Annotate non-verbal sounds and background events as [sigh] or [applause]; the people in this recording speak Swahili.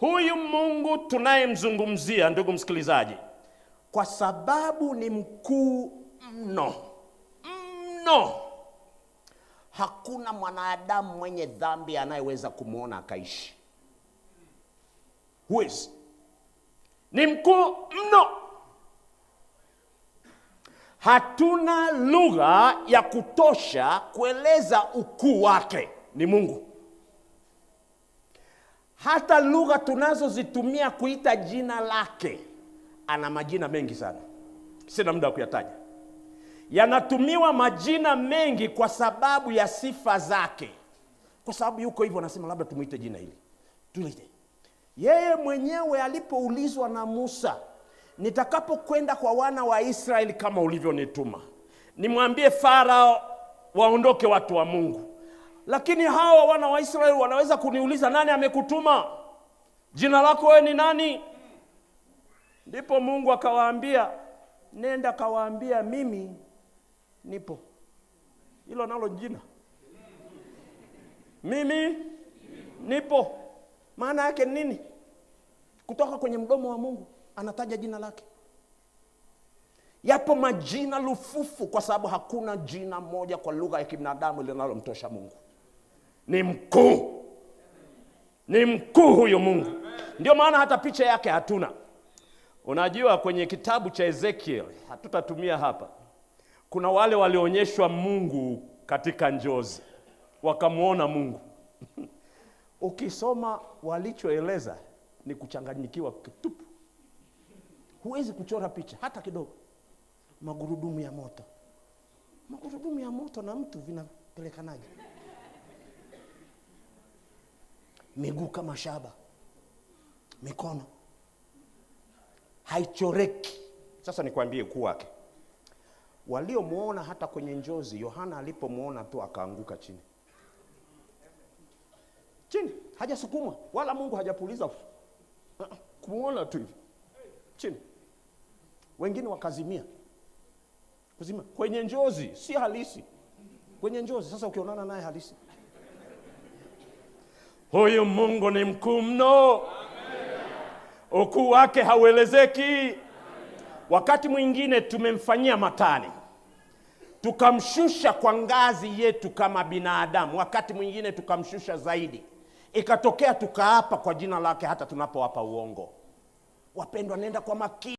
Huyu Mungu tunayemzungumzia, ndugu msikilizaji, kwa sababu ni mkuu mno mno, hakuna mwanadamu mwenye dhambi anayeweza kumwona akaishi. Huwezi, ni mkuu mno. Hatuna lugha ya kutosha kueleza ukuu wake. Ni Mungu hata lugha tunazozitumia kuita jina lake, ana majina mengi sana, sina muda wa kuyataja. Yanatumiwa majina mengi kwa sababu ya sifa zake, kwa sababu yuko hivyo, anasema labda tumuite jina hili, tuliite yeye mwenyewe alipoulizwa na Musa, nitakapokwenda kwa wana wa Israeli kama ulivyonituma, nimwambie Farao waondoke watu wa Mungu lakini hawa wana wa Israeli wanaweza kuniuliza nani amekutuma? Jina lako wewe ni nani? Ndipo Mungu akawaambia, nenda kawaambia mimi nipo. Hilo nalo jina mimi nipo, maana yake nini? Kutoka kwenye mdomo wa Mungu anataja jina lake. Yapo majina lufufu, kwa sababu hakuna jina moja kwa lugha ya kibinadamu linalomtosha Mungu ni mkuu, ni mkuu huyu Mungu. Ndio maana hata picha yake hatuna. Unajua, kwenye kitabu cha Ezekiel hatutatumia hapa, kuna wale walionyeshwa Mungu katika njozi, wakamwona Mungu [laughs] ukisoma walichoeleza ni kuchanganyikiwa kitupu. Huwezi kuchora picha hata kidogo. Magurudumu ya moto, magurudumu ya moto na mtu vinapelekanaje? miguu kama shaba, mikono haichoreki. Sasa nikwambie ukuu wake, waliomwona hata kwenye njozi, Yohana alipomwona tu akaanguka chini chini, hajasukumwa wala Mungu hajapuliza, uh-uh, kumwona tu hivi chini. Wengine wakazimia, kuzima kwenye njozi, si halisi kwenye njozi. Sasa ukionana naye halisi Huyu Mungu ni mkuu mno, ukuu wake hauelezeki. Wakati mwingine tumemfanyia matani, tukamshusha kwa ngazi yetu kama binadamu, wakati mwingine tukamshusha zaidi, ikatokea tukaapa kwa jina lake hata tunapowapa uongo. Wapendwa, nenda kwa makini.